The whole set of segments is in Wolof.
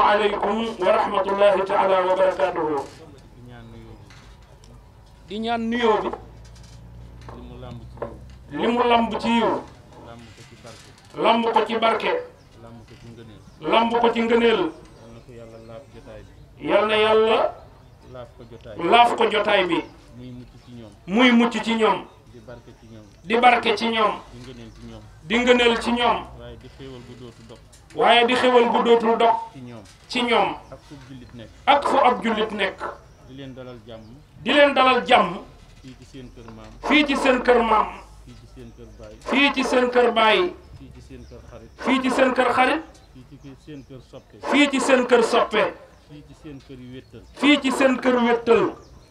asalaamu warahmatullahi taala wabarakatuh di ñaan nuyoo bi li mu lamb ci yiw lamb ko ci barke lamb ko ci ngëneel yal na yàlla laaf ko jotaay bi muy mucc ci ñoom di barke ci ñoom di ci waaye di dootu waaye di xéwal gu dootul dog ci ñoom ak fu ab jullit nekk di leen dalal jàmm di leen dalal jàmm fii ci seen kër maam fii ci seen kër maam fii ci seen kër baay fii ci seen kër baay fii ci xarit fii ci seen kër xarit ci seen kër soppe fii ci seen kër soppe fii ci seen kër wéttal fii ci seen kër wéttal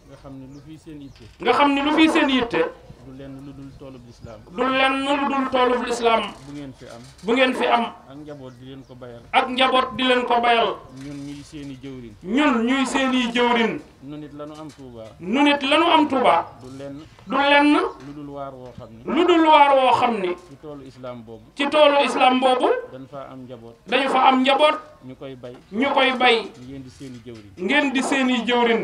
nga xam ne lu fii seen yitte nga xam ni lu fii seen yitte du lenn lu dul toolub lislaam du lenn lu dul toolub lislaam bu ngeen fi am bu ngeen fi am ak njaboot di leen ko bayal ak njaboot di leen ko bayal ñun ñuy seeni jëwrin ñun ñuy seeni jëwrin nu nit la nu am tuuba nu nit la nu am tuuba du lenn du lenn lu dul waar woo xam ne lu dul waar woo xam ne ci toolu islaam boobu ci toolu islaam boobu dañ fa am njaboot dañ fa am njaboot ñu koy bay ñu koy bay ngeen di seeni jëwrin ngeen di seeni jëwrin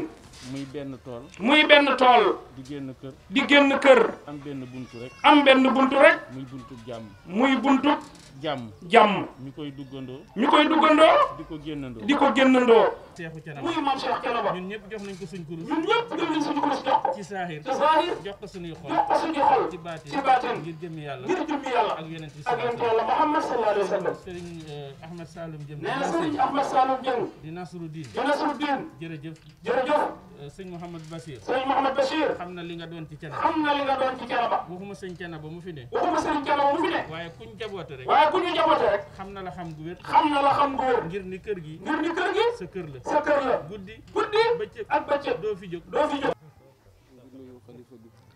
muy benn tool. muy benn tool. di génn kër. di génn kër. am benn buntu rek. am benn buntu rek. muy buntu jàmm. muy buntu. jàmm jàmm. ñu koy duggandoo. ñu koy duggandoo. di ko génnandoo. di ko génnandoo. seexu canaba muy maam cheikh canaba. ñun ñëpp jox nañ ko suñ kurus. ñun ñëpp jox nañ suñ kurus jox ci sahir ci sahir jox ko suñu xol. jox ko xol. ci batin ci batin ngir jëm yalla ngir jëm yalla ak yenen ci ak yeneen Muhammad sallallahu alayhi Wasallam, Serigne eh, Ahmed Saloum jëm na Serigne Ahmed Saloum jëm di nasruddin di Nasru jërëjëf jërëjëf. sëñ Mouhamad Bachir sëñ Mouhamad Bachir xam na li nga doon ci Thiénaba na li nga doon ci Thiénaba waxuma sëñ Thiénaba mu fi ne waxuma sëñ Thiénaba mu fi ne waaye kuñ jaboote rek waaye kuñu jaboote rek xam na la xam gu wér na la xam gu wér ngir kër gi ngir ni kër gi sa kër la sa kër la guddi guddi bëccëg ak bëccëg doo fi jóg doo fi jóg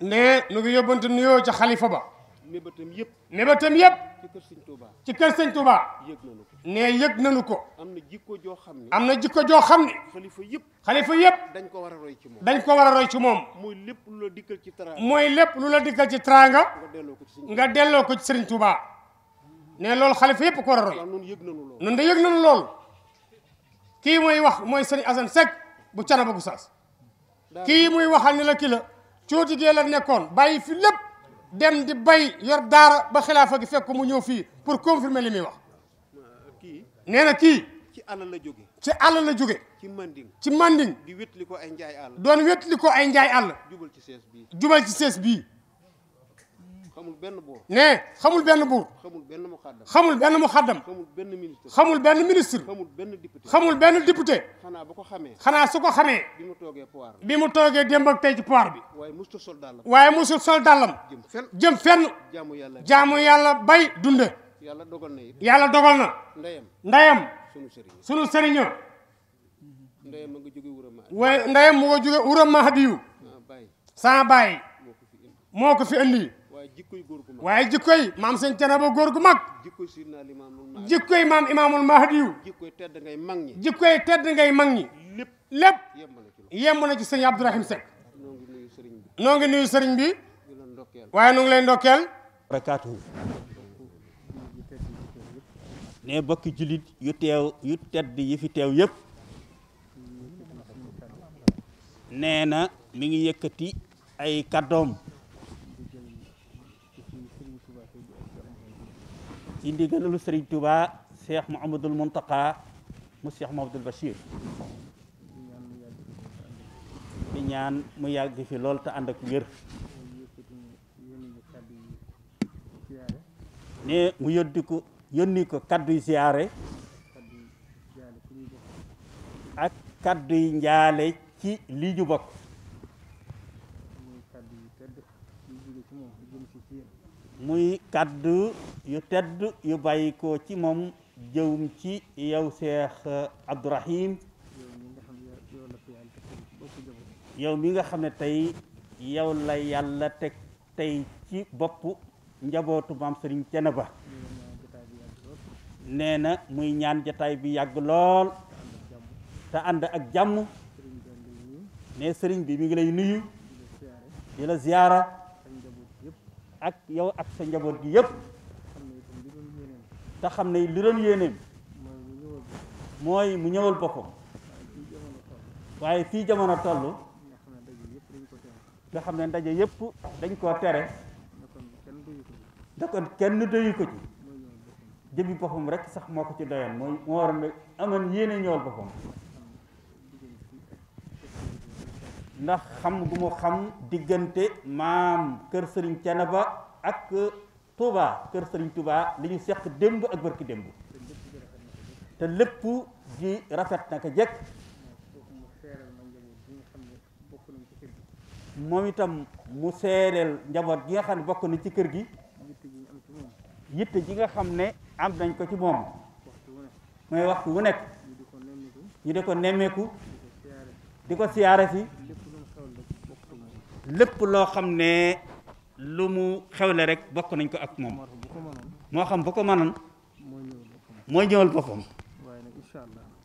ne nu ngi yóbbante nuyoo ca xalifa ba mébatam yëpp mébatam yëpp ci kër sëñ Touba ci kër sëñ Touba yëg nañu nee yëg nañu ko. am na jikko joo xam ne. am na jikko joo xam ne. xalifa yëpp. xalifa yëpp. dañ ko war a roy ci moom. dañ ko war a roy ci moom. mooy lépp lu la dikkal ci teraanga. mooy lépp lu la dikkal ci teraanga. nga delloo ko ci Serigne Touba. nee loolu xalifa yëpp ko war a roy. ñun yëg nañu loolu. ñun de yëg nañu loolu. kii mooy wax mooy Serigne Assane Seck bu Canaba Gossas. kii muy waxal ne la kii la. cooti gee la nekkoon bàyyi fi lépp. dem di bay yor daara ba xilaafa gi fekk mu ñëw fii pour confirmer li muy wax. nee na kii. ci àll la jóge ci àll la jóge ci manding ci manding di wétli ko ay njaay àll doon wétli ko ay njaay àll jubal ci sees bii jubal ci sees bii xamul benn buur ne xamul benn buur xamul benn mu xaddam xamul benn mu xaddam xamul benn ministre xamul benn ministre xamul benn député xamul benn député xanaa bu ko xamee xanaa su ko xamee bi mu toogee pouvoir bi mu toogee démb ak tey ci pouvoir bi waaye musul sol dàllam waaye musul sol dàllam jëm fenn jëm fenn jaamu yàlla jaamu yàlla bay dunde yàlla dogal na yàlla dogal na. ndeyam ndeyam. sunu sëriñ sunu sëriñ. ndeyam mu nga jóge wuram ma. waaye ndeyam mu ma hadiyu. sans bàyyi. moo ko fi indi. waaye jikkoy góor waaye jikkoy maam seen canaba góor gu mag. jikkoy sidna limaamul mahdi jikkoy maam imaamul mahdiyu. jikkoy tedd ngay mag ñi. jikkoy tedd ngay mag ñi. lépp lépp. yemb na ci sëñ Abdourahim Seck. noo ngi nuyu sëriñ bi. noo ngi nuyu sëriñ waaye nu lay ndokkeel. barakaatuhu. ne bokki jullit yu teew yu tedd yi fi teew yëpp nee na mi ngi yëkkati ay kàddoom ci ndigalu Sëriñ Tuuba Cheikh mu Cheikh Mouhamadul Bachir di mu yàgg fi lool te ne mu yóddi yónni ko kadduy siyaare ak kadduy njaale ci lii ñu bokk muy kaddu yu tedd yu bàyyikoo ci moom jëwum ci yow Seex Abdourahim yow mi nga xam ne tey yow la yàlla teg tey ci boppu njabootu maam Sëriñ ba neena na muy ñaan jotaay bi yag lool ta and ak jamm ne serigne bi mi ngi lay nuyu dila ziyara ak yow ak sa njabot gi yépp ta xamne li doon yéeneem moy mu ñewal boppam waye fi jamono tollu nga xamne ndaje yep dañ ko téré da kon kenn doyu ko ci jëmi boppam rek sax moo ko ci doyoon mooy moo waroon a amoon yéene ñool boppam ndax xam gu mu xam diggante maam kër sëriñ ba ak Touba kër sëriñ tubaa li ñu seq démb ak barki démb te lépp ji rafet na ko jekk moom itam mu seedeel njaboot gi nga xam ne bokk na ci kër gi yitte ji nga xam ne am nañ ko ci moom mooy waxtu wu nekk ñu di ko nemmeeku di ko siyaare si lépp loo xam ne lu mu xewle rek bokk nañ ko ak moom moo xam boo ko mënoon mooy ñëwal boppam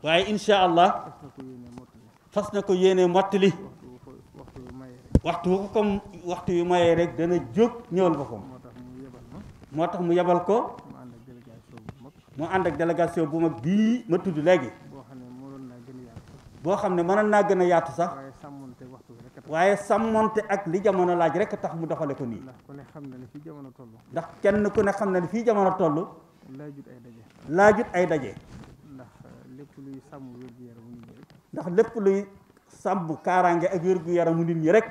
waaye insha allah fas na ko yéene mottali waxtu wu ko comme waxtu yu mayee rek dana jóg ñëwal boppam moo tax mu yebal ko moo ànd ak délégation bu mag bii ma tudd léegi boo xam ne mënoon naa gën a yaatu sax waaye sàmmonte ak li jamono laaj rek tax mu doxale ko nii ndax kenn ku ne xam ne fi jamono toll laajut ay daje laajut ay daje ndax euh, lépp luy sàmm wér gu ndax lépp luy sàmm kaaraange ak wér-gu-yaramu nit ñi rek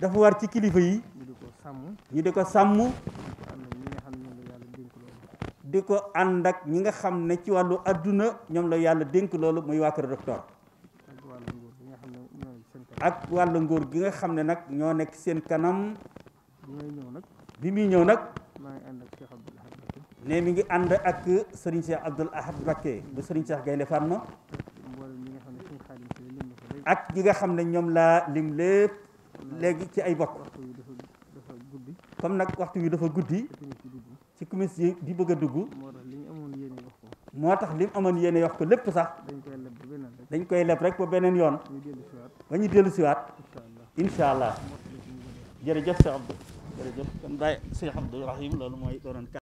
dafa war ci kilifa yi ñu di ko sàmm di ko ànd ak ñi nga xam ne ci wàllu àdduna ñoom la yàlla dénk loolu muy waa kër docteur ak wàllu nguur gi nga xam ne nag ñoo nekk seen kanam bi muy ñëw nag ne mi ngi ànd ak sëriñ Cheikh Abdoul Ahad Mbacké bu sëriñ Cheikh Gaynde Fatma ak ñi nga xam ne ñoom laa lim lépp léegi ci ay bokk comme nag waxtu wi dafa guddi kumis di bëgg a dugg moo tax li mu amoon yéene wax ko lépp sax dañ koy leb rek ba beneen yoon ba ñu dellu siwaat insha allah jërëjëf Cheikh Abdou jërëjëf kon bàyyi Cheikh Abdou loolu mooy doon